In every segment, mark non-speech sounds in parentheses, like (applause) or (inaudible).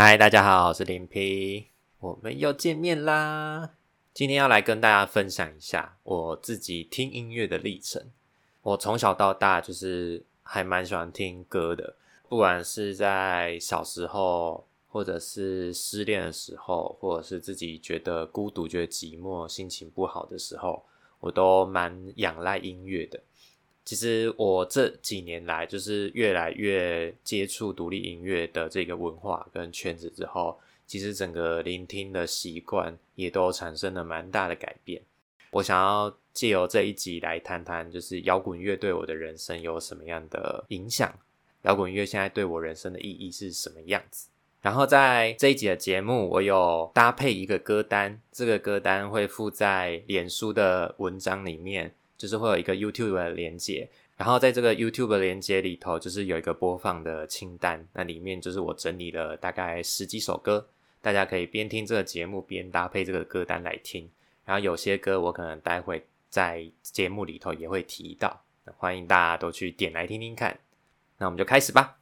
嗨，大家好，我是林皮，我們又見面啦。今天要來跟大家分享一下我自己聽音樂的歷程。我從小到大就是還蠻喜歡聽歌的，不管是在小時候，或者是失戀的時候，或者是自己覺得孤獨、覺得寂寞、心情不好的時候，我都蠻仰賴音樂的。其實我這幾年來，就是越來越接觸獨立音樂的這個文化跟圈子之後，其實整個聆聽的習慣也都產生了蠻大的改變。我想要借由這一集來談談，就是搖滾樂對我的人生有什麼樣的影響？搖滾樂現在對我人生的意義是什麼樣子？然後在這一集的節目，我有搭配一個歌單，這個歌單會附在臉書的文章裡面。就是會有一個 YouTube 的連結，然後在這個 YouTube 的連結裡頭，就是有一個播放的清單，那裡面就是我整理了大概十幾首歌，大家可以邊聽這個節目邊搭配這個歌單來聽，然後有些歌我可能待會在節目裡頭也會提到，歡迎大家都去點來聽聽看，那我們就開始吧。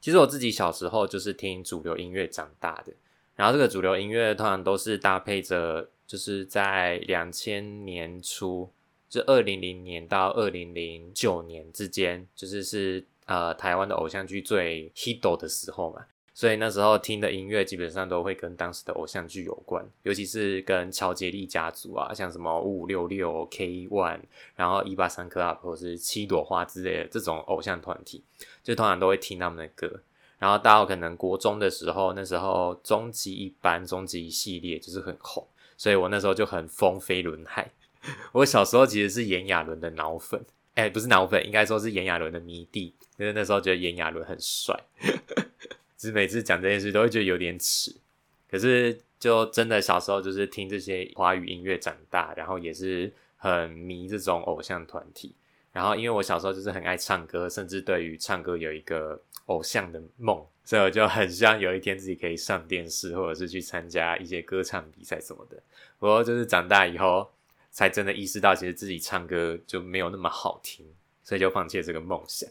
其實我自己小時候就是聽主流音樂長大的，然後這個主流音樂通常都是搭配着，就是在兩千年初，就二零零年到二零零九年之間，就是是呃台灣的偶像劇最 Hito 的時候嘛。所以那時候聽的音樂基本上都會跟當時的偶像劇有關，尤其是跟喬傑立家族啊，像什麼五五六六、K One，然後一八三 club 或是七朵花之類的這種偶像團體，就通常都會聽他們的歌。然後大家可能國中的時候，那時候終極一班、終極一系列就是很紅，所以我那時候就很瘋飛輪海。 (laughs) 我小時候其實是炎亞綸的腦粉，哎、欸，不是腦粉，應該說是炎亞綸的迷弟，因、就、為、是、那時候覺得炎亞綸很帥。 (laughs) 只是每次講這件事都會覺得有點恥，可是就真的小時候就是聽這些華語音樂長大，然後也是很迷這種偶像團體。然後因為我小時候就是很愛唱歌，甚至對於唱歌有一個偶像的夢，所以我就很希望有一天自己可以上電視，或者是去參加一些歌唱比賽什麼的。不過就是長大以後才真的意識到，其實自己唱歌就沒有那麼好聽，所以就放棄了這個夢想。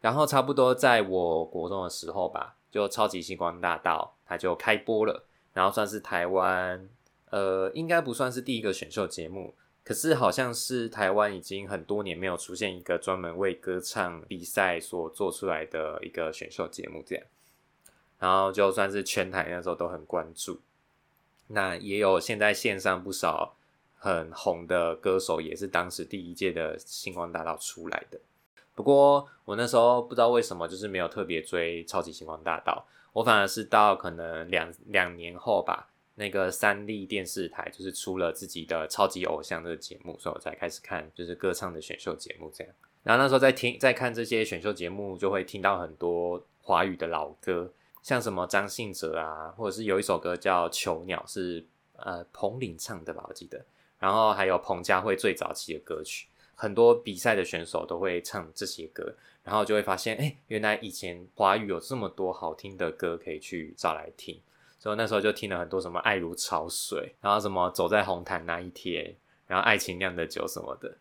然後差不多在我國中的時候吧。就超級星光大道，它就開播了，然後算是台灣，呃，應該不算是第一個選秀節目，可是好像是台灣已經很多年沒有出現一個專門為歌唱比賽所做出來的一個選秀節目這樣，然後就算是全台那時候都很關注，那也有現在線上不少很紅的歌手，也是當時第一屆的星光大道出來的。不過我那時候不知道為什麼，就是沒有特別追《超級星光大道》，我反而是到可能兩兩年後吧，那個三立電視台就是出了自己的《超級偶像》的節目，所以我才開始看就是歌唱的選秀節目這樣。然後那時候在聽、在看這些選秀節目，就會聽到很多華語的老歌，像什麼張信哲啊，或者是有一首歌叫《囚鳥》，是呃彭羚唱的吧，我記得。然後還有彭佳慧最早期的歌曲。很多比賽的選手都會唱這些歌，然後就會發現，哎、欸，原來以前華語有這麼多好聽的歌可以去找來聽。所以那時候就聽了很多什麼《愛如潮水》，然後什麼《走在紅毯那一天》，然後《愛情釀的酒》什麼的。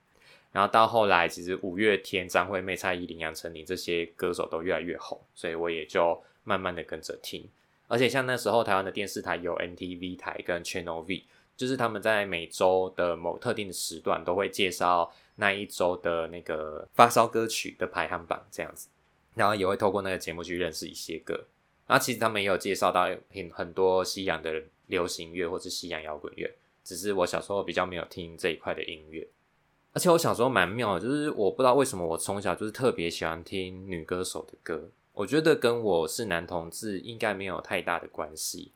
然後到後來，其實五月天、張惠妹、蔡依林、楊丞琳這些歌手都越來越紅，所以我也就慢慢的跟着聽。而且像那時候台灣的電視台有 MTV 台跟 Channel V，就是他們在每周的某特定的時段都會介紹。那一周的那個發燒歌曲的排行榜這樣子，然後也會透過那個節目去認識一些歌。那其實他們也有介紹到很很多西洋的流行樂或是西洋搖滾樂，只是我小時候比較沒有聽這一塊的音樂。而且我小時候蠻妙的，就是我不知道為什麼我從小就是特別喜歡聽女歌手的歌。我覺得跟我是男同志應該沒有太大的關係，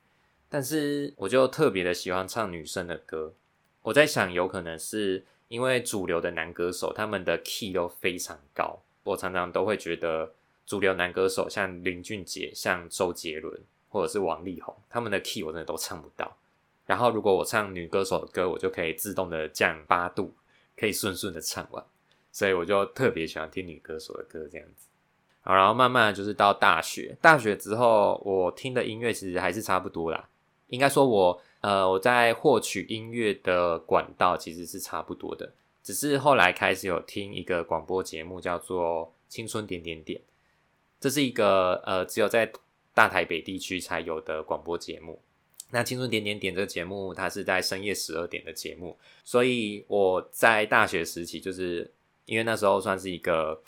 但是我就特別的喜歡唱女生的歌。我在想，有可能是。因為主流的男歌手，他們的 key 都非常高，我常常都會覺得主流男歌手像林俊傑、像周杰倫或者是王力宏，他們的 key 我真的都唱不到。然後如果我唱女歌手的歌，我就可以自動的降八度，可以順順的唱完。所以我就特別喜歡聽女歌手的歌，這樣子。好，然後慢慢的就是到大學，大學之後我聽的音樂其實還是差不多啦，應該說我。呃，我在獲取音樂的管道其實是差不多的，只是後來開始有聽一個廣播節目，叫做《青春點點點》，這是一個呃只有在大台北地區才有的廣播節目。那《青春點點點》這個節目，它是在深夜十二點的節目，所以我在大學時期，就是因為那時候算是一個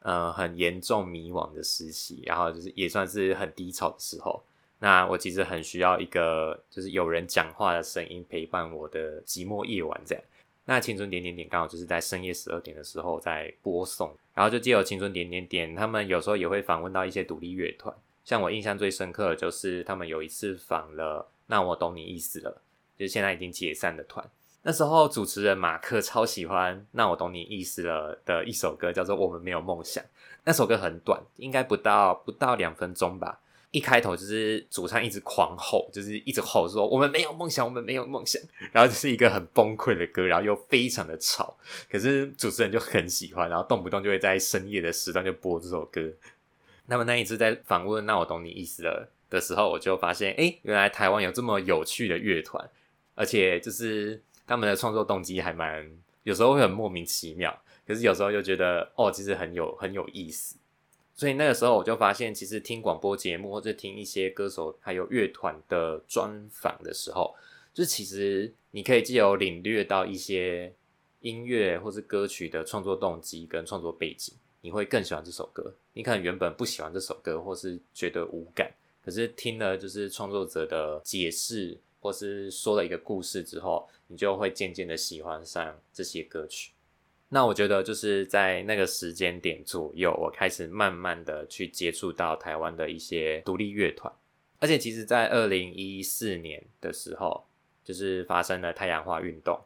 呃很嚴重迷惘的時期，然後就是也算是很低潮的時候。那我其實很需要一個，就是有人講話的聲音陪伴我的寂寞夜晚，這樣。那青春點點點剛好就是在深夜十二點的時候在播送，然後就借由青春點點點，他們有時候也會訪問到一些獨立樂團。像我印象最深刻的就是他們有一次訪了《那我懂你意思了》，就是現在已經解散的團。那時候主持人馬克超喜歡《那我懂你意思了》的一首歌，叫做《我們沒有夢想》。那首歌很短，應該不到不到兩分鐘吧。一開頭就是主唱一直狂吼，就是一直吼說：“我們沒有夢想，我們沒有夢想。”然後就是一個很崩潰的歌，然後又非常的吵。可是主持人就很喜歡，然後動不動就會在深夜的時段就播這首歌。那麼那一次在訪問，那我懂你意思了的時候，我就發現，誒，原來台灣有這麼有趣的樂團，而且就是他們的創作動機還蠻，有時候會很莫名其妙，可是有時候又覺得，哦，其實很有很有意思。所以那個時候我就發現，其實聽廣播節目或者聽一些歌手還有樂團的專訪的時候，就是其實你可以既有領略到一些音樂或是歌曲的創作動機跟創作背景，你會更喜歡這首歌。你可能原本不喜歡這首歌，或是覺得無感，可是聽了就是創作者的解釋，或是說了一個故事之後，你就會漸漸的喜歡上這些歌曲。那我覺得就是在那個時間點左右，我開始慢慢的去接觸到台灣的一些獨立樂團，而且其實，在二零一四年的時候，就是發生了太陽花運動，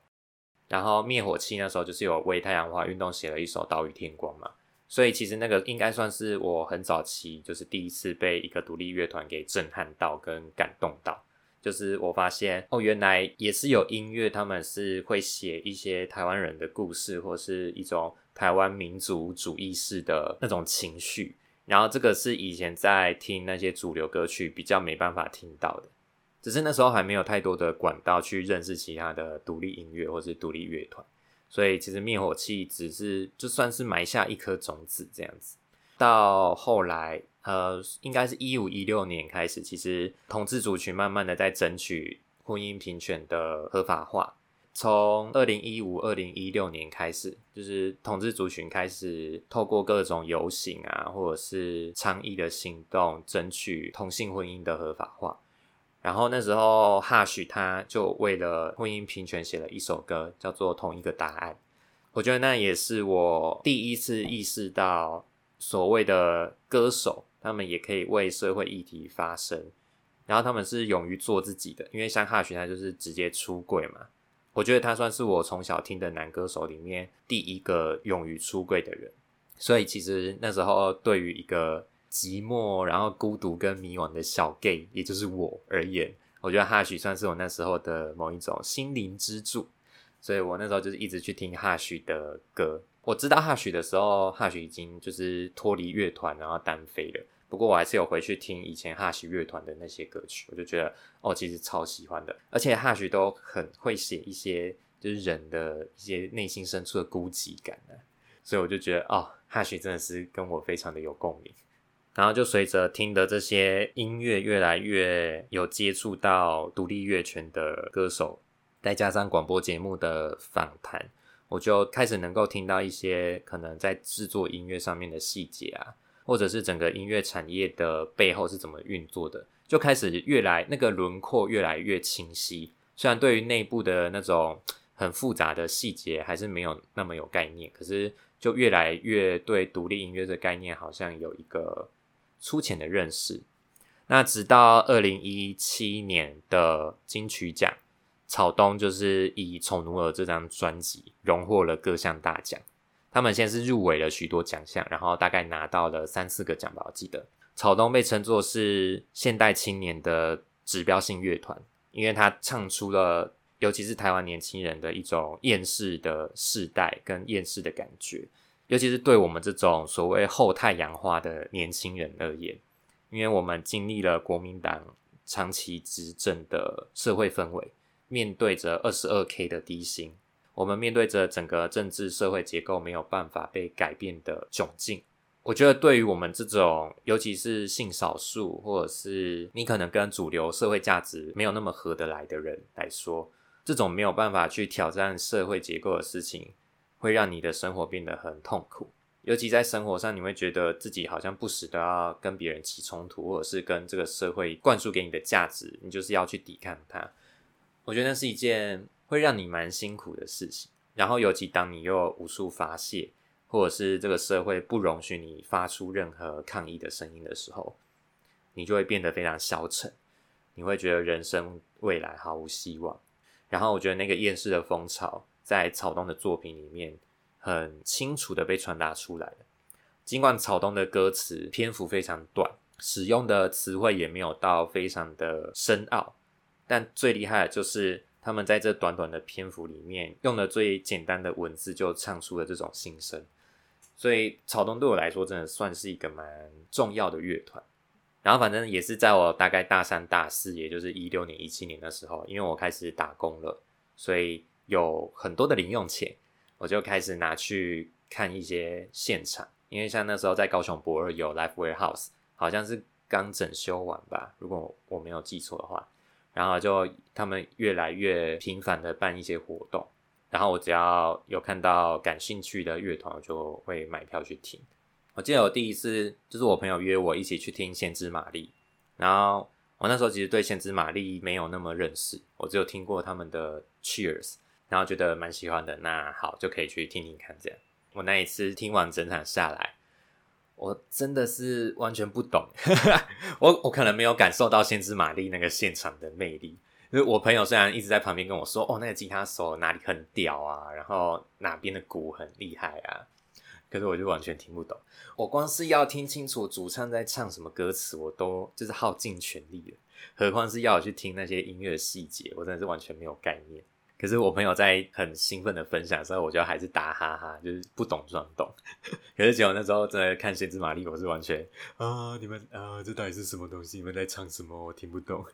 然後滅火器那時候就是有為太陽花運動寫了一首《島嶼天光》嘛，所以其實那個應該算是我很早期就是第一次被一個獨立樂團給震撼到跟感動到。就是我發現哦，原來也是有音樂，他們是會寫一些台灣人的故事，或是一種台灣民族主義式的那種情緒。然後這個是以前在聽那些主流歌曲比較沒辦法聽到的，只是那時候還沒有太多的管道去認識其他的獨立音樂或是獨立樂團，所以其實滅火器只是就算是埋下一顆種子這樣子，到後來。呃，應該是一五一六年開始，其實同志族群慢慢的在爭取婚姻平權的合法化。從二零一五、二零一六年開始，就是同志族群開始透過各種遊行啊，或者是倡議的行動，爭取同性婚姻的合法化。然後那時候，Hush 他就為了婚姻平權寫了一首歌，叫做《同一個答案》。我覺得那也是我第一次意識到所謂的歌手，他們也可以為社會議題發聲，然後他們是勇於做自己的。因為像 Hush 他就是直接出櫃嘛，我覺得他算是我從小聽的男歌手裡面第一個勇於出櫃的人，所以其實那時候對於一個寂寞然後孤獨跟迷惘的小 gay，也就是我而言，我覺得 Hush 算是我那時候的某一種心靈支柱，所以我那時候就是一直去聽 Hush 的歌。我知道 Hush 的時候，Hush 已經就是脫離樂團然後單飛了。不過我還是有回去聽以前 HUSH 樂團的那些歌曲，我就覺得哦，其實超喜歡的，而且 HUSH 都很會寫一些就是人的一些內心深處的孤寂感啊，所以我就覺得哦，HUSH 真的是跟我非常的有共鳴。然後就隨着聽的這些音樂越來越有接觸到獨立樂圈的歌手，再加上廣播節目的訪談，我就開始能夠聽到一些可能在制作音樂上面的細節啊。或者是整個音樂產業的背後是怎麼運作的，就開始越來那個輪廓越來越清晰。雖然對於內部的那種很複雜的細節還是沒有那麼有概念，可是就越來越對獨立音樂的概念好像有一個粗淺的認識。那直到二零一七年的金曲獎，草東就是以《醜奴兒》這張專輯榮獲了各項大獎。他們先是入圍了許多獎項，然後大概拿到了三四個獎吧，我記得。草東被稱作是現代青年的指標性樂團，因為他唱出了，尤其是台灣年輕人的一種厭世的世代跟厭世的感覺，尤其是對我們這種所謂後太陽花的年輕人而言，因為我們經歷了國民黨長期執政的社會氛圍，面對着二十二 K 的低薪。我們面對着整個政治社會結構沒有辦法被改變的窘境。我覺得，對於我們這種，尤其是性少數，或者是你可能跟主流社會價值沒有那麼合得來的人來說，這種沒有辦法去挑戰社會結構的事情，會讓你的生活變得很痛苦。尤其在生活上，你會覺得自己好像不時都要跟別人起衝突，或者是跟這個社會灌輸給你的價值，你就是要去抵抗它。我覺得那是一件會讓你蠻辛苦的事情，然後尤其當你又無處發洩，或者是這個社會不容許你發出任何抗議的聲音的時候，你就會變得非常消沉，你會覺得人生未來毫無希望。然後我覺得那個厭世的風潮在草東的作品裡面很清楚的被傳達出來了。儘管草東的歌詞篇幅非常短，使用的詞彙也沒有到非常的深奧，但最厲害的就是。他們在這短短的篇幅裡面，用了最簡單的文字就唱出了這種心聲，所以草東對我來說真的算是一個蠻重要的樂團。然後反正也是在我大概大三大四，也就是一六年一七年的時候，因為我開始打工了，所以有很多的零用錢，我就開始拿去看一些現場。因為像那時候在高雄駁二有 Live Warehouse，好像是剛整修完吧，如果我沒有記錯的話。然後就他們越來越頻繁的辦一些活動，然後我只要有看到感興趣的樂團，我就會買票去聽。我記得我第一次就是我朋友約我一起去聽先知瑪莉，然後我那時候其實對先知瑪莉沒有那麼認識，我只有聽過他們的 Cheers，然後覺得蠻喜歡的，那好就可以去聽聽看這樣。我那一次聽完整場下來。我真的是完全不懂， (laughs) 我我可能沒有感受到《先知瑪莉》那個現場的魅力。因為我朋友雖然一直在旁邊跟我說：“哦，那個吉他手哪裡很屌啊，然後哪邊的鼓很厲害啊。”可是我就完全聽不懂。我光是要聽清楚主唱在唱什麼歌詞，我都就是耗盡全力了，何況是要我去聽那些音樂細節，我真的是完全沒有概念。可是我朋友在很興奮的分享的時候，我覺得還是打哈哈，就是不懂裝懂。可是結果那時候在看《先知瑪莉》，我是完全啊，你們啊，這到底是什麼東西？你們在唱什麼？我聽不懂，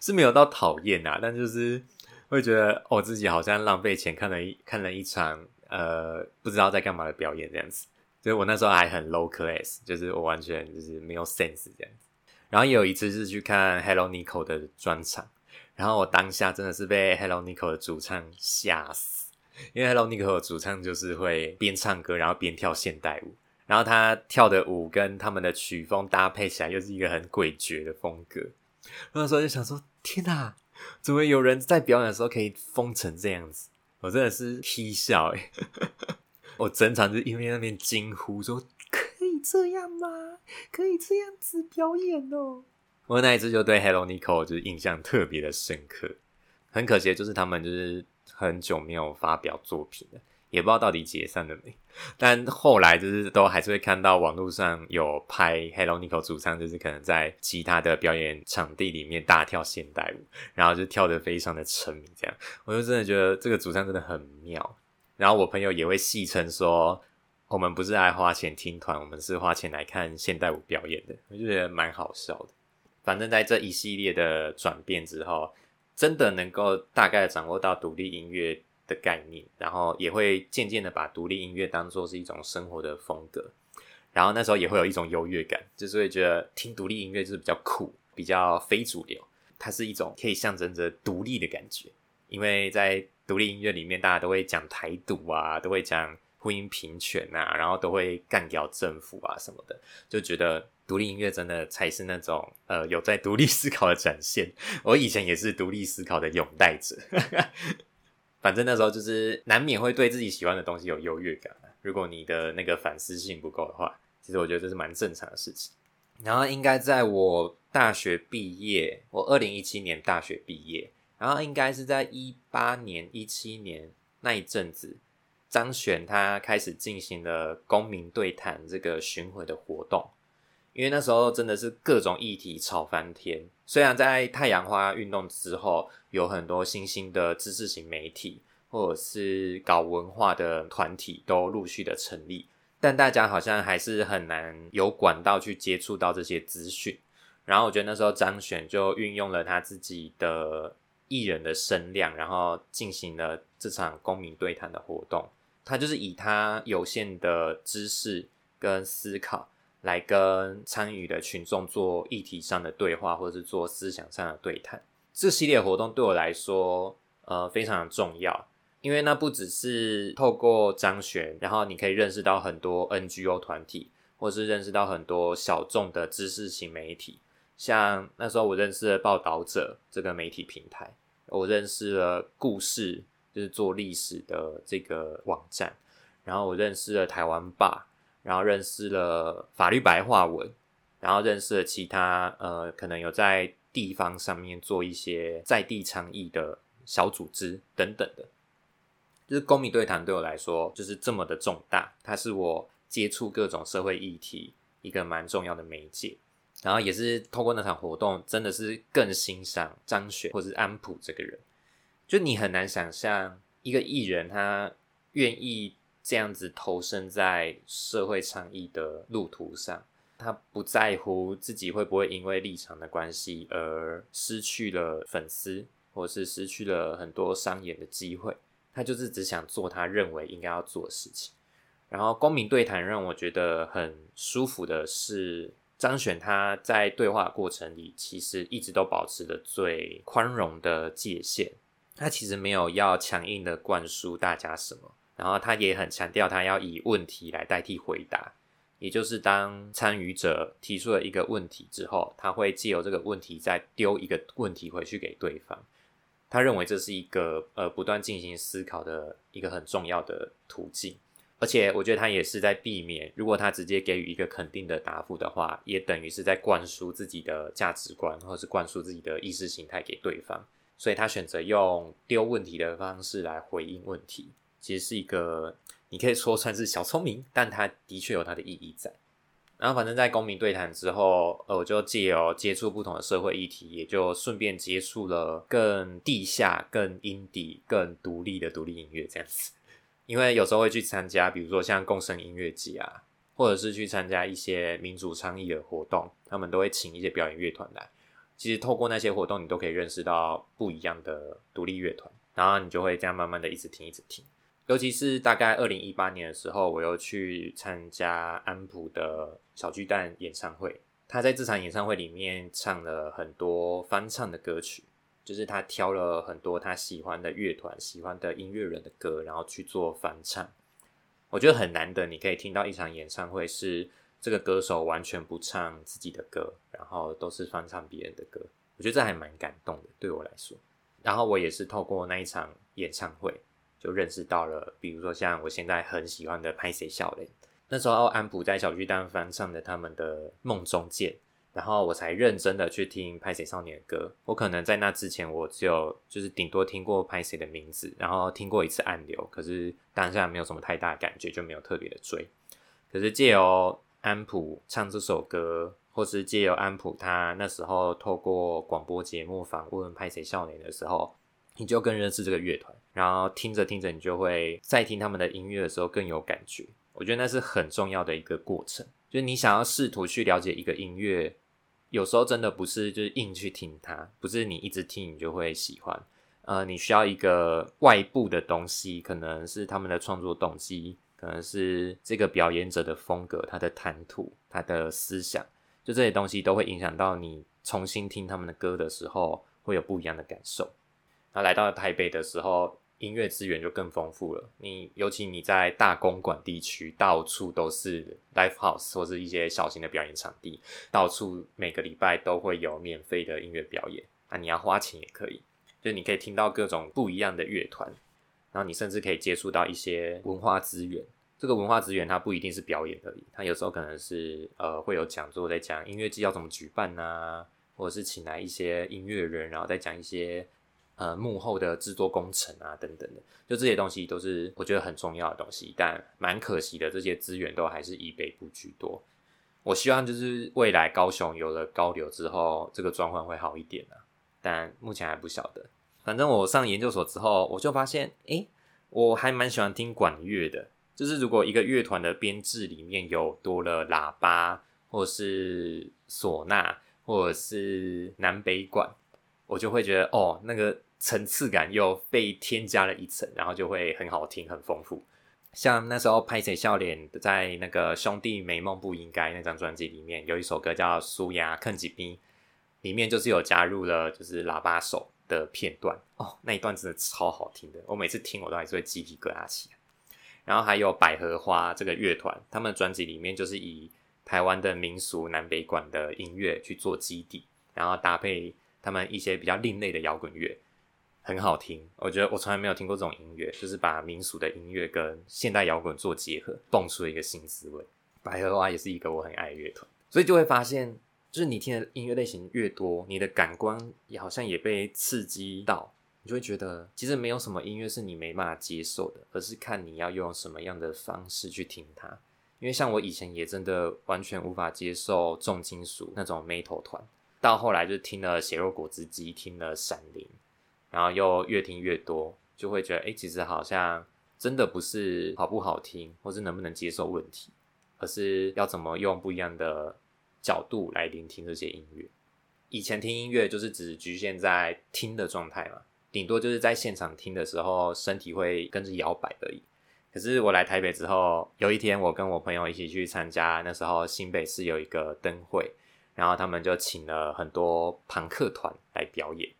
是沒有到討厭啊，但就是會覺得、哦、我自己好像浪費錢看了一看了一場呃不知道在幹嘛的表演這樣子。所以我那時候還很 low class，就是我完全就是沒有 sense 這樣子。然後也有一次是去看 Hello Nico 的專場。然後我當下真的是被 Hello Nico 的主唱嚇死，因為 Hello Nico 的主唱就是會邊唱歌，然後邊跳現代舞，然後他跳的舞跟他們的曲風搭配起來，又是一個很詭譎的風格。那時候就想說：天哪，怎麼有人在表演的時候可以瘋成這樣子？我真的是啼笑，哎、欸！ (laughs) 我整場就因為那邊驚呼說：可以這樣嗎？可以這樣子表演哦。我那一次就對 Hello Nico 就是印象特別的深刻，很可惜就是他們就是很久沒有發表作品了，也不知道到底解散了沒。但後來就是都還是會看到網絡上有拍 Hello Nico 主唱，就是可能在其他的表演場地裡面大跳現代舞，然後就跳得非常的沉迷這樣。我就真的覺得這個主唱真的很妙。然後我朋友也會戲稱說，我們不是愛花錢聽團，我們是花錢來看現代舞表演的。我就覺得蠻好笑的。反正，在這一系列的轉變之後，真的能夠大概掌握到獨立音樂的概念，然後也會漸漸的把獨立音樂當作是一種生活的風格，然後那時候也會有一種優越感，就是會覺得聽獨立音樂就是比較酷、比較非主流，它是一種可以象徵着獨立的感覺，因為在獨立音樂裡面，大家都會講台獨啊，都會講婚姻平權啊，然後都會幹掉政府啊什麼的，就覺得。獨立音樂真的才是那種呃有在獨立思考的展現。我以前也是獨立思考的擁戴者， (laughs) 反正那時候就是難免會對自己喜歡的東西有優越感。如果你的那個反思性不夠的話，其實我覺得這是蠻正常的事情。然後應該在我大學畢業，我二零一七年大學畢業，然後應該是在一八年一七年那一陣子，張懸他開始進行了公民對談這個巡迴的活動。因為那時候真的是各種議題吵翻天。雖然在太陽花運動之後，有很多新興的知識型媒體或者是搞文化的團體都陸續的成立，但大家好像還是很難有管道去接觸到這些資訊。然後我覺得那時候張懸就運用了他自己的藝人的聲量，然後進行了這場公民對談的活動。他就是以他有限的知識跟思考，來跟參與的群眾做議題上的對話，或是做思想上的對談。這系列活動對我來說，呃，非常重要，因為那不只是透過張懸，然後你可以認識到很多 NGO 團體，或是認識到很多小眾的知識型媒體，像那時候我認識了報導者這個媒體平台，我認識了故事，就是做歷史的這個網站，然後我認識了台灣吧。然後認識了法律白話文，然後認識了其他呃，可能有在地方上面做一些在地倡議的小組織等等的，就是公民對談對我來說就是這麼的重大，它是我接觸各種社會議題一個蠻重要的媒介，然後也是透過那場活動，真的是更欣賞張懸或是安溥這個人，就你很難想象一個藝人他願意。這樣子投身在社會倡議的路途上，他不在乎自己會不會因為立場的關係而失去了粉絲，或是失去了很多商演的機會。他就是只想做他認為應該要做的事情。然後，公民對談讓我覺得很舒服的是，張懸他在對話過程裡其實一直都保持着最寬容的界限，他其實沒有要強硬的灌輸大家什麼。然後他也很強調，他要以問題來代替回答，也就是當參與者提出了一個問題之後，他會借由這個問題再丟一個問題回去給對方。他認為這是一個呃不斷進行思考的一個很重要的途徑，而且我覺得他也是在避免，如果他直接給予一個肯定的答覆的話，也等於是在灌輸自己的價值觀或是灌輸自己的意識形態給對方。所以他選擇用丟問題的方式來回應問題。其實是一個，你可以說算是小聰明，但它的確有它的意義在。然後，反正在公民對談之後，呃，我就借由接觸不同的社會議題，也就順便接觸了更地下、更 indie、更獨立的獨立音樂這樣子。因為有時候會去參加，比如說像共生音樂節啊，或者是去參加一些民主倡議的活動，他們都會請一些表演樂團來。其實透過那些活動，你都可以認識到不一樣的獨立樂團，然後你就會這樣慢慢的一直聽，一直聽。尤其是大概二零一八年的時候，我又去參加安溥的小巨蛋演唱會。他在這場演唱會裡面唱了很多翻唱的歌曲，就是他挑了很多他喜歡的樂團、喜歡的音樂人的歌，然後去做翻唱。我覺得很難得，你可以聽到一場演唱會是這個歌手完全不唱自己的歌，然後都是翻唱別人的歌。我覺得這還蠻感動的，對我來說。然後我也是透過那一場演唱會。就認識到了，比如說像我現在很喜歡的拍謝少年，那時候安溥在小巨蛋翻唱的他們的《夢中見》，然後我才認真的去聽拍謝少年的歌。我可能在那之前，我只有就是頂多聽過拍謝的名字，然後聽過一次暗流，可是當下沒有什麼太大的感覺，就沒有特別的追。可是借由安溥唱這首歌，或是借由安溥他那時候透過廣播節目訪問拍謝少年的時候。你就更認識這個樂團，然後聽着聽着，你就會在聽他們的音樂的時候更有感覺。我覺得那是很重要的一個過程，就是你想要試圖去了解一個音樂，有時候真的不是就是硬去聽它，不是你一直聽你就會喜歡。呃，你需要一個外部的東西，可能是他們的創作動機，可能是這個表演者的風格、他的談吐、他的思想，就這些東西都會影響到你重新聽他們的歌的時候會有不一樣的感受。那來到台北的時候，音樂資源就更豐富了。你尤其你在大公館地區，到處都是 live house 或者一些小型的表演場地，到處每個禮拜都會有免費的音樂表演。那你要花錢也可以，就你可以聽到各種不一樣的樂團。然後你甚至可以接觸到一些文化資源。這個文化資源它不一定是表演而已，它有時候可能是呃會有講座在講音樂季要怎麼舉辦吶、啊，或者是請來一些音樂人，然後再講一些。呃，幕後的製作工程啊，等等的，就這些東西都是我覺得很重要的東西，但蠻可惜的，這些資源都還是以北部居多。我希望就是未來高雄有了高流之後，這個狀況會好一點啊。但目前還不曉得。反正我上研究所之後，我就發現，誒，我還蠻喜歡聽管樂的，就是如果一個樂團的編制裡面有多了喇叭，或者是嗩吶，或者是南北管，我就會覺得哦，那個。層次感又被添加了一層，然後就會很好聽、很豐富。像那時候拍謝少年，在那個《兄弟沒夢不應該》那張專輯裡面，有一首歌叫《蘇牙啃吉冰》，裡面就是有加入了就是喇叭手的片段哦，那一段真的超好聽的。我每次聽我都還是會記雞皮疙瘩起來。然後還有百合花這個樂團，他們的專輯裡面就是以台灣的民俗、南北管的音樂去做基底，然後搭配他們一些比較另類的搖滾樂。很好聽，我覺得我從來沒有聽過這種音樂，就是把民俗的音樂跟現代搖滾做結合，蹦出一個新滋味。百合花也是一個我很愛的樂團，所以就會發現，就是你聽的音樂類型越多，你的感官也好像也被刺激到，你就會覺得其實沒有什麼音樂是你沒辦法接受的，而是看你要用什麼樣的方式去聽它。因為像我以前也真的完全無法接受重金屬那種 metal 團，到後來就聽了血肉果汁機，聽了閃靈。然後又越聽越多，就會覺得，誒、欸，其實好像真的不是好不好聽，或是能不能接受問題，而是要怎麼用不一樣的角度來聆聽這些音樂。以前聽音樂就是只局限在聽的狀態嘛，頂多就是在現場聽的時候，身體會跟着搖擺而已。可是我來台北之後，有一天我跟我朋友一起去參加，那時候新北市有一個燈會，然後他們就請了很多龐克團來表演。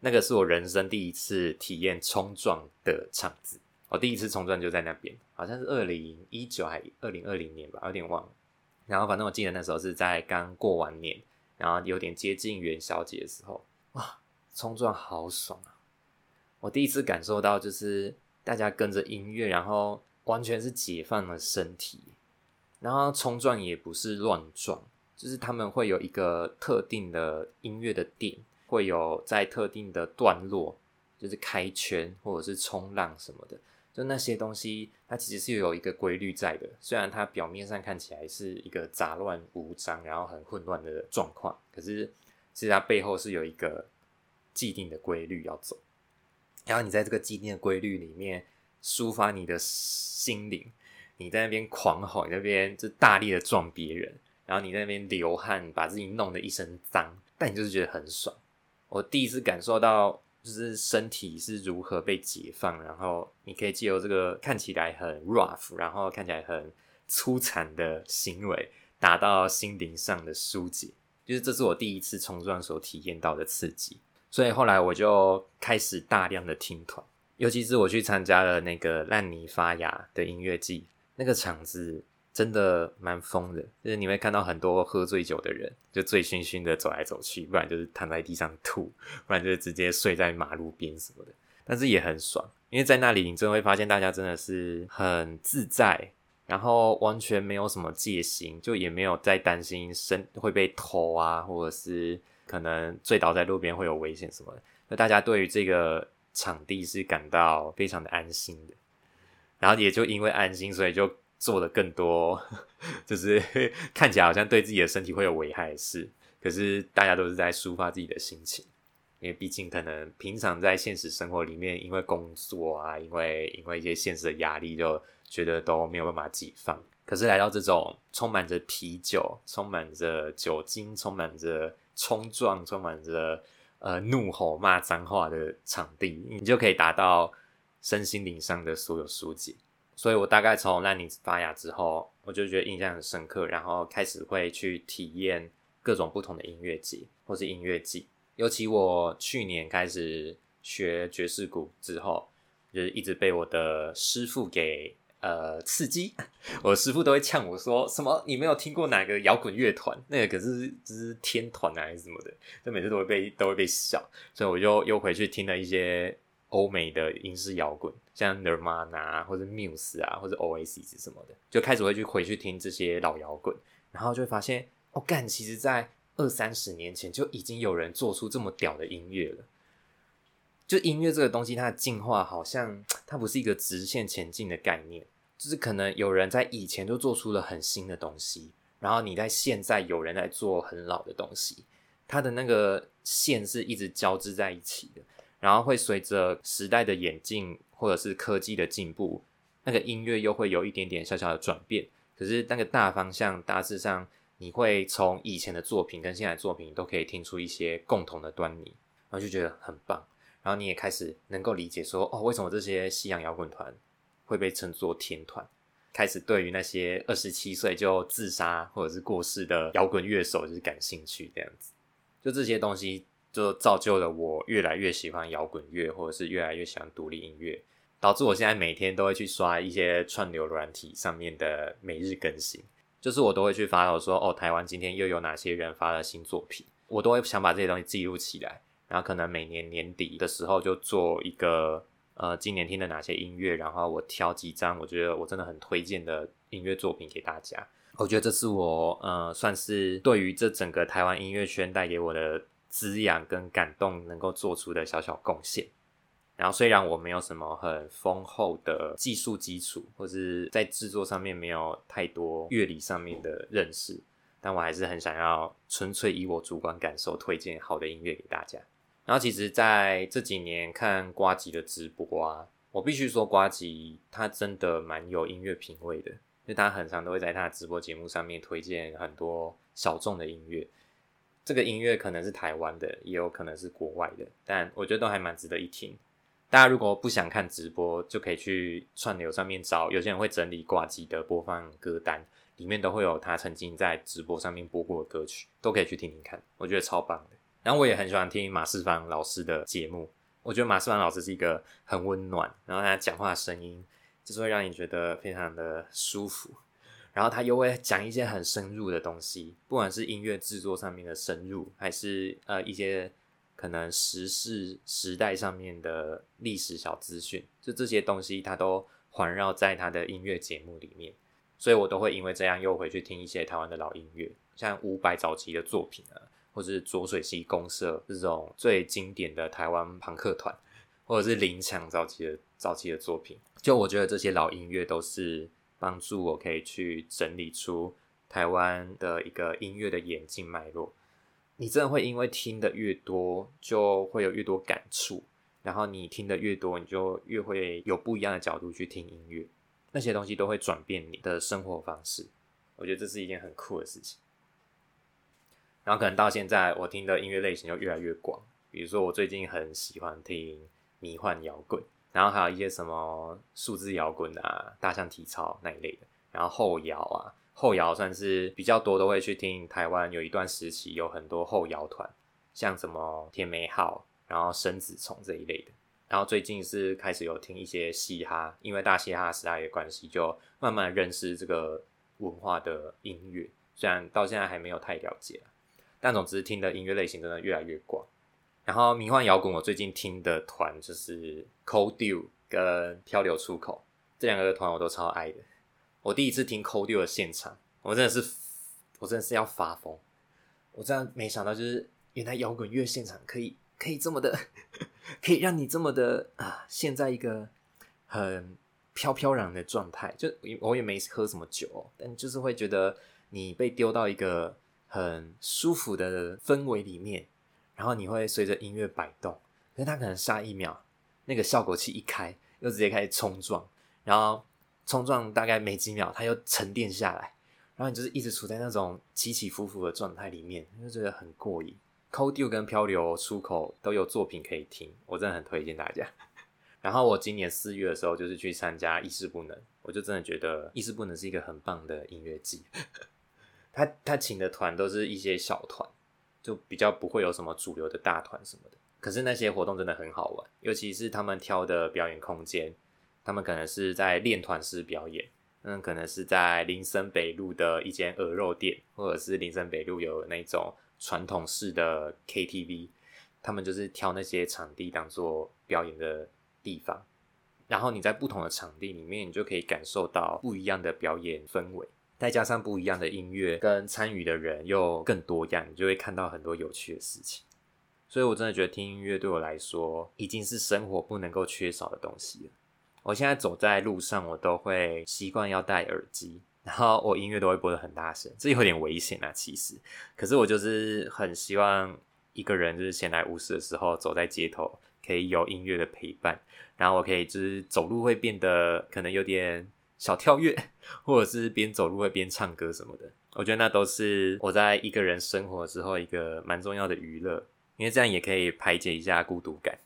那個是我人生第一次體驗衝撞的場子，我第一次衝撞就在那邊，好像是二零一九還二零二零年吧，有點忘了。然後反正我記得那時候是在剛過完年，然後有點接近元宵節的時候，哇，衝撞好爽啊！我第一次感受到就是大家跟着音樂，然後完全是解放了身體。然後衝撞也不是亂撞，就是他們會有一個特定的音樂的點。會有在特定的段落，就是開圈或者是衝浪什麼的，就那些東西，它其實是有一個規律在的。雖然它表面上看起來是一個雜亂無章，然後很混亂的狀況，可是其實它背後是有一個既定的規律要走。然後你在這個既定的規律裡面抒發你的心靈，你在那邊狂吼，你那邊就大力的撞別人，然後你在那邊流汗，把自己弄得一身髒，但你就是覺得很爽。我第一次感受到，就是身體是如何被解放，然後你可以借由這個看起來很 rough，然後看起來很粗殘的行為，達到心靈上的紓解。就是這是我第一次衝撞所體驗到的刺激，所以後來我就開始大量的聽團，尤其是我去參加了那個爛泥發芽的音樂祭，那個場子。真的蠻瘋的，就是你會看到很多喝醉酒的人，就醉醺醺的走來走去，不然就是躺在地上吐，不然就是直接睡在馬路邊什麼的。但是也很爽，因為在那裡，你真的會發現大家真的是很自在，然後完全沒有什麼戒心，就也沒有在擔心身會被偷啊，或者是可能醉倒在路邊會有危險什麼的。那大家對於這個場地是感到非常的安心的，然後也就因為安心，所以就，做了更多，呵呵就是看起來好像對自己的身體會有危害的事，可是大家都是在抒發自己的心情。因為畢竟可能平常在現實生活裡面，因為工作啊，因為因為一些現實的壓力，就覺得都沒有辦法解放。可是來到這種充滿着啤酒、充滿着酒精、充滿着衝撞、充滿着呃怒吼罵髒話的場地，你就可以達到身心靈上的所有紓解。所以我大概從那年發芽之後，我就覺得印象很深刻，然後開始會去體驗各種不同的音樂節或是音樂季。尤其我去年開始學爵士鼓之後，就是、一直被我的師父給呃刺激。 (laughs) 我師父都會嗆我說：“什麼？你沒有聽過哪個搖滾樂團？那個可是、就是天團啊還是什麼的？”就每次都會被都會被笑，所以我就又回去聽了一些。歐美的英式搖滾，像 Nirvana 啊，或者 Muse 啊，或者 Oasis 什麼的，就開始會去回去聽這些老搖滾，然後就會發現，哦，幹，其實在二三十年前就已經有人做出這麼屌的音樂了。就音樂這個東西，它的進化好像它不是一個直線前進的概念，就是可能有人在以前就做出了很新的東西，然後你在現在有人來做很老的東西，它的那個線是一直交織在一起的。然後會隨着時代的演進，或者是科技的進步，那個音樂又會有一點點小小的轉變。可是那個大方向，大致上你會從以前的作品跟現在的作品都可以聽出一些共同的端倪，然後就覺得很棒。然後你也開始能夠理解說，哦，為什麼這些西洋搖滾團會被稱作天團？開始對於那些二十七歲就自殺或者是過世的搖滾樂手就是感興趣這樣子，就這些東西。就造就了我越來越喜歡搖滾樂，或者是越來越喜歡獨立音樂，導致我現在每天都會去刷一些串流軟體上面的每日更新，就是我都會去發我說，哦，台灣今天又有哪些人發了新作品，我都會想把這些東西記錄起來，然後可能每年年底的時候就做一個呃，今年聽的哪些音樂，然後我挑幾張我覺得我真的很推薦的音樂作品給大家，我覺得這是我嗯、呃……算是對於這整個台灣音樂圈帶給我的。滋養跟感動能夠做出的小小貢獻。然後雖然我沒有什麼很豐厚的技術基礎，或是在制作上面沒有太多樂理上面的認識，但我還是很想要純粹以我主觀感受推薦好的音樂給大家。然後其實在這幾年看呱吉的直播，啊，我必須說呱吉他真的蠻有音樂品味的，因為他很常都會在他的直播節目上面推薦很多小眾的音樂。這個音樂可能是台灣的，也有可能是國外的，但我覺得都還蠻值得一聽。大家如果不想看直播，就可以去串流上面找，有些人會整理掛機的播放歌單，裡面都會有他曾經在直播上面播過的歌曲，都可以去聽聽看，我覺得超棒的。然後我也很喜歡聽馬世芳老師的節目，我覺得馬世芳老師是一個很溫暖，然後他講話的聲音就是會讓你覺得非常的舒服。然後他又會講一些很深入的東西，不管是音樂制作上面的深入，還是呃一些可能時事時代上面的歷史小資訊，就這些東西他都環繞在他的音樂節目裡面，所以我都會因為這樣又回去聽一些台灣的老音樂，像伍佰早期的作品啊，或是濁水溪公社這種最經典的台灣朋克團，或者是林強早期的早期的作品，就我覺得這些老音樂都是。幫助我可以去整理出台灣的一個音樂的演進脈絡。你真的會因為聽得越多，就會有越多感觸。然後你聽得越多，你就越會有不一樣的角度去聽音樂。那些東西都會轉變你的生活方式。我覺得這是一件很酷的事情。然後可能到現在，我聽的音樂類型就越來越廣。比如說，我最近很喜歡聽迷幻搖滾。然後還有一些什麼數字搖滾啊、大象體操那一類的，然後後搖啊，後搖算是比較多都會去聽。台灣有一段時期有很多後搖團，像什麼甜梅號，然後聲子蟲這一類的。然後最近是開始有聽一些嘻哈，因為大嘻哈時代的關係，就慢慢認識這個文化的音樂。雖然到現在還沒有太了解，但總之聽的音樂類型真的越來越廣。然後迷幻搖滾，我最近聽的團就是 Cold Dew 跟《漂流出口》這兩個團，我都超愛的。我第一次聽 Cold Dew 的現場，我真的是，我真的是要發瘋。我真的沒想到，就是原來搖滾樂現場可以可以這麼的，可以讓你這麼的啊，陷在一個很飄飄然的狀態。就我也沒喝什麼酒哦，但就是會覺得你被丟到一個很舒服的氛圍裡面。然後你會隨着音樂擺動，可是他可能下一秒那個效果器一開，又直接開始衝撞，然後衝撞大概沒幾秒，他又沉澱下來，然後你就是一直處在那種起起伏伏的狀態裡面，就覺得很過癮。扣丟跟漂流出口都有作品可以聽，我真的很推薦大家。 (laughs) 然後我今年四月的時候就是去參加意識不能，我就真的覺得意識不能是一個很棒的音樂祭。 (laughs) 他他請的團都是一些小團。就比較不會有什麼主流的大團什麼的，可是那些活動真的很好玩，尤其是他們挑的表演空間，他們可能是在練團式表演，嗯，可能是在林森北路的一間鵝肉店，或者是林森北路有那種傳統式的 KTV，他們就是挑那些場地當做表演的地方，然後你在不同的場地裡面，你就可以感受到不一樣的表演氛圍。再加上不一樣的音樂，跟參與的人又更多樣，你就會看到很多有趣的事情。所以我真的覺得聽音樂對我來說已經是生活不能夠缺少的東西了。我現在走在路上，我都會習慣要戴耳機，然後我音樂都會播得很大聲，這有點危險啊，其實。可是我就是很希望一個人就是閒來無事的時候走在街頭，可以有音樂的陪伴，然後我可以就是走路會變得可能有點。小跳躍，或者是邊走路會邊唱歌什麼的，我覺得那都是我在一個人生活的時候一個蠻重要的娛樂，因為這樣也可以排解一下孤獨感。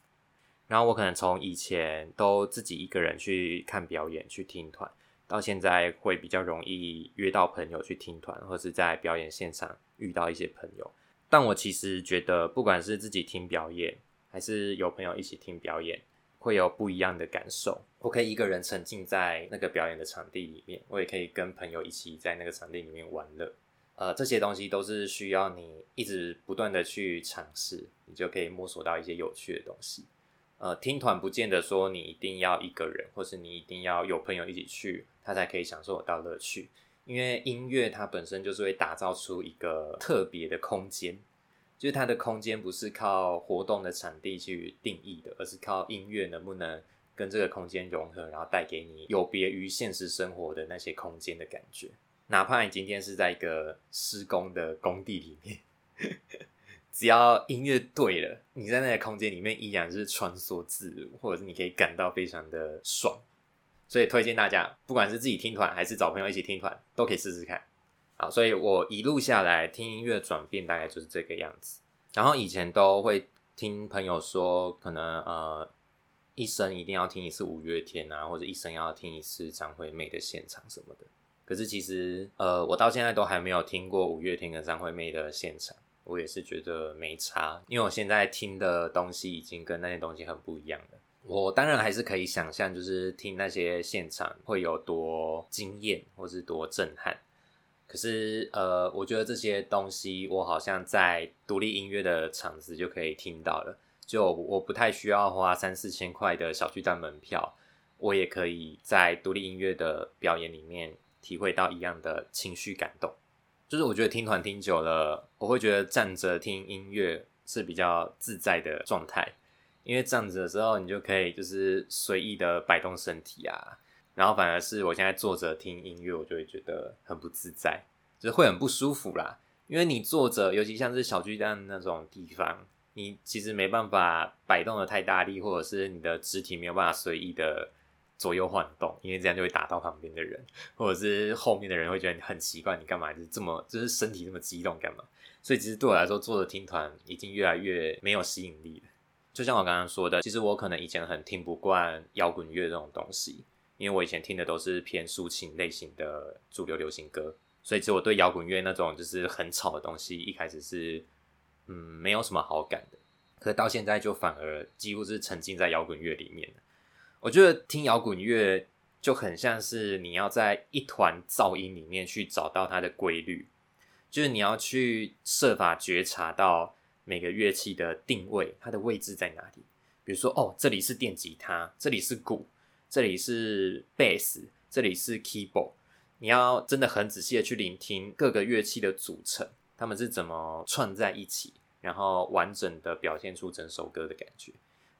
然後我可能從以前都自己一個人去看表演、去聽團，到現在會比較容易約到朋友去聽團，或者是在表演現場遇到一些朋友。但我其實覺得，不管是自己聽表演，還是有朋友一起聽表演，會有不一樣的感受。我可以一個人沉浸在那個表演的場地裡面，我也可以跟朋友一起在那個場地裡面玩樂。呃，這些東西都是需要你一直不斷的去嘗試，你就可以摸索到一些有趣的東西。呃，聽團不見得說你一定要一個人，或是你一定要有朋友一起去，他才可以享受到樂趣。因為音樂它本身就是會打造出一個特別的空間，就是它的空間不是靠活動的場地去定義的，而是靠音樂能不能，跟這個空間融合，然後帶給你有別於現實生活的那些空間的感覺。哪怕你今天是在一個施工的工地裡面，呵呵，只要音樂對了，你在那個空間裡面依然是穿梭自如，或者是你可以感到非常的爽。所以推薦大家，不管是自己聽團還是找朋友一起聽團，都可以試試看。好，所以我一路下來聽音樂轉變大概就是這個樣子。然後以前都會聽朋友說，可能，呃。一生一定要聽一次五月天啊，或者一生要聽一次張惠妹的現場什麼的。可是其實，呃，我到現在都還沒有聽過五月天跟張惠妹的現場，我也是覺得沒差，因為我現在聽的東西已經跟那些東西很不一樣了。我當然還是可以想象，就是聽那些現場會有多驚豔，或是多震撼。可是，呃，我覺得這些東西我好像在獨立音樂的場子就可以聽到了。就我不太需要花三四千塊的小巨蛋門票，我也可以在獨立音樂的表演裡面體會到一樣的情緒感動。就是我覺得聽團聽久了，我會覺得站着聽音樂是比較自在的狀態，因為這樣子的時候，你就可以就是隨意的擺動身體啊。然後反而是我現在坐着聽音樂，我就會覺得很不自在，就是會很不舒服啦。因為你坐着，尤其像是小巨蛋那種地方。你其實沒辦法擺動得太大力，或者是你的肢體沒有辦法隨意的左右晃動，因為這樣就會打到旁邊的人，或者是後面的人會覺得你很奇怪，你幹嘛就是這麼就是身體這麼激動幹嘛？所以其實對我來說，坐着聽團已經越來越沒有吸引力了。就像我剛剛說的，其實我可能以前很聽不慣搖滾樂這種東西，因為我以前聽的都是偏抒情類型的主流流行歌，所以其實我對搖滾樂那種就是很吵的東西，一開始是。嗯，沒有什麼好感的，可到現在就反而幾乎是沉浸在搖滾樂裡面了。我覺得聽搖滾樂就很像是你要在一團噪音裡面去找到它的規律，就是你要去設法覺察到每個樂器的定位，它的位置在哪裡。比如說，哦，這裡是電吉他，這裡是鼓，這裡是 Bass，這裡是 Keyboard。你要真的很仔細的去聆聽各個樂器的組成。他們是怎麼串在一起，然後完整的表現出整首歌的感覺，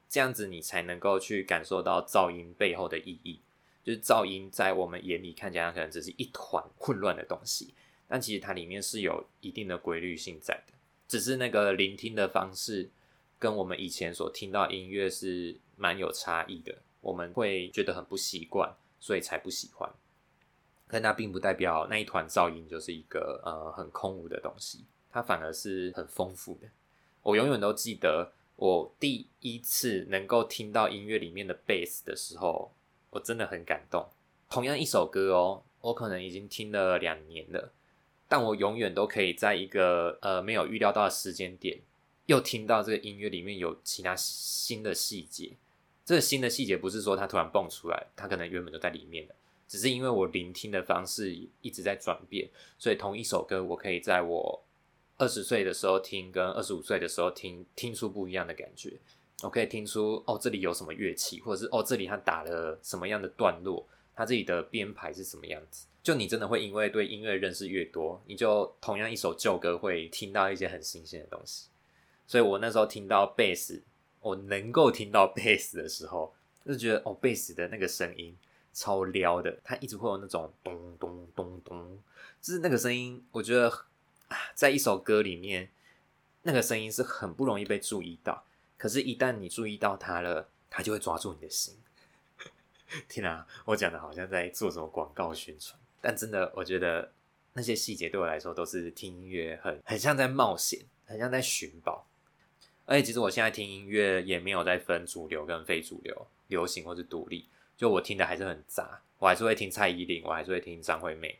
這樣子你才能夠去感受到噪音背後的意義。就是噪音在我們眼裡看起來可能只是一團混亂的東西，但其實它裡面是有一定的規律性在的，只是那個聆聽的方式跟我們以前所聽到音樂是蠻有差異的，我們會覺得很不習慣，所以才不喜歡。但它並不代表那一團噪音就是一個呃很空無的東西，它反而是很豐富的。我永遠都記得我第一次能夠聽到音樂裡面的貝斯的時候，我真的很感動。同樣一首歌哦，我可能已經聽了兩年了，但我永遠都可以在一個呃沒有預料到的時間點，又聽到這個音樂裡面有其他新的細節。這個新的細節不是說它突然蹦出來，它可能原本就在裡面了。只是因為我聆聽的方式一直在轉變，所以同一首歌，我可以在我二十歲的時候聽，跟二十五歲的時候聽，聽出不一樣的感覺。我可以聽出哦，這裡有什麼樂器，或者是哦，這裡他打了什麼樣的段落，他這裡的編排是什麼樣子。就你真的會因為對音樂認識越多，你就同樣一首舊歌會聽到一些很新鮮的東西。所以我那時候聽到貝斯，我能夠聽到貝斯的時候，就覺得哦，貝斯的那個聲音。超撩的，它一直會有那種咚咚咚咚，就是那個聲音，我覺得在一首歌裡面，那個聲音是很不容易被注意到。可是，一旦你注意到它了，它就會抓住你的心。 (laughs) 天啊，我講的好像在做什麼廣告宣傳，但真的，我覺得那些細節對我來說都是聽音樂很很像在冒險，很像在尋寶。而且，其實我現在聽音樂也沒有在分主流跟非主流，流行或是獨立。就我聽的還是很雜，我還是會聽蔡依林，我還是會聽張惠妹。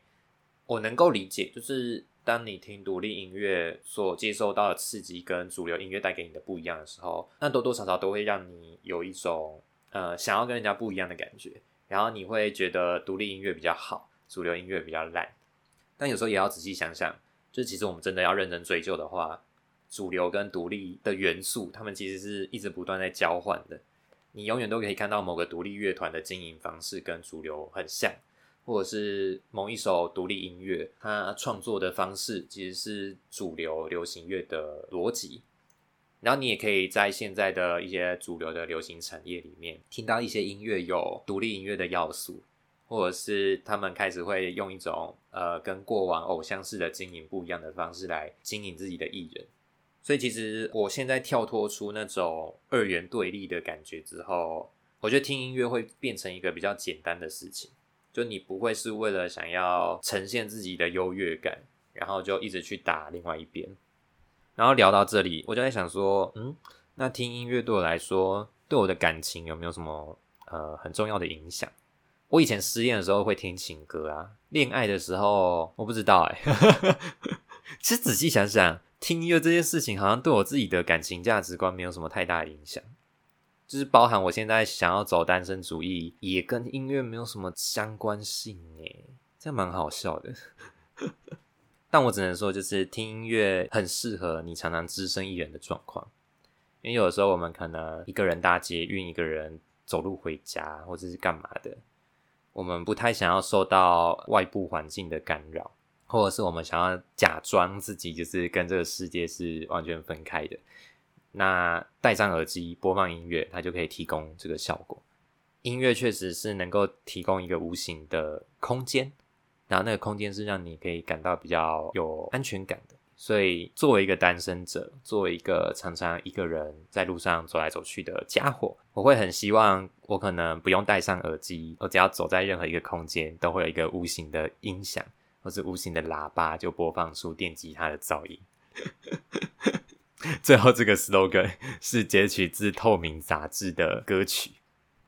我能夠理解，就是當你聽獨立音樂所接受到的刺激跟主流音樂帶給你的不一樣的時候，那多多少少都會讓你有一種呃想要跟人家不一樣的感覺。然後你會覺得獨立音樂比較好，主流音樂比較爛。但有時候也要仔細想想，就其實我們真的要認真追究的話，主流跟獨立的元素，他們其實是一直不斷在交換的。你永遠都可以看到某個獨立樂團的經營方式跟主流很像，或者是某一首獨立音樂，它創作的方式其實是主流流行樂的邏輯。然後你也可以在現在的一些主流的流行產業裡面，聽到一些音樂有獨立音樂的要素，或者是他們開始會用一種，呃，跟過往偶像式的經營不一樣的方式來經營自己的藝人。所以其實我現在跳脫出那種二元對立的感覺之後，我覺得聽音樂會變成一個比較簡單的事情。就你不會是為了想要呈現自己的優越感，然後就一直去打另外一邊。然後聊到這裡，我就在想說，嗯，那聽音樂對我來說，對我的感情有沒有什麼呃很重要的影響？我以前失戀的時候會聽情歌啊，戀愛的時候我不知道哎、欸。其 (laughs) 實仔細想想。聽音樂這件事情，好像對我自己的感情價值觀沒有什麼太大的影響，就是包含我現在想要走單身主義，也跟音樂沒有什麼相關性誒，這蠻好笑的。但我只能說，就是聽音樂很適合你常常只身一人的狀況，因為有的時候我們可能一個人搭捷運，一個人走路回家，或者是幹嘛的，我們不太想要受到外部環境的干擾。或者是我們想要假裝自己就是跟這個世界是完全分開的，那戴上耳機播放音樂，它就可以提供這個效果。音樂確實是能夠提供一個無形的空間，然後那個空間是讓你可以感到比較有安全感的。所以，作為一個單身者，作為一個常常一個人在路上走來走去的家伙，我會很希望我可能不用戴上耳機，我只要走在任何一個空間，都會有一個無形的音響，或是無形的喇叭就播放出電吉他的噪音。 (laughs) 最後這個 slogan 是截取自透明雜誌的歌曲。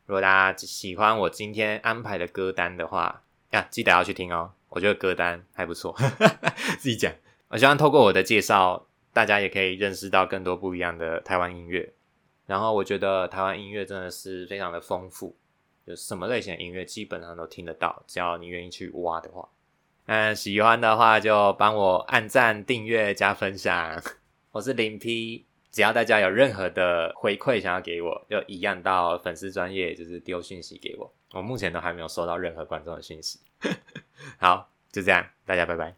如果大家喜歡我今天安排的歌單的話，啊，記得要去聽哦。我覺得歌單還不錯，自己講。我希望透過我的介紹，大家也可以認識到更多不一樣的台灣音樂。然後我覺得台灣音樂真的是非常的豐富，有什麼類型的音樂基本上都聽得到，只要你願意去挖的話。嗯，喜歡的話就幫我按贊、訂閱、加分享。我是林 P，只要大家有任何的回饋想要給我，就一樣到粉絲專頁，就是丟訊息給我。我目前都還沒有收到任何觀眾的訊息。 (laughs) 好，就這樣，大家拜拜。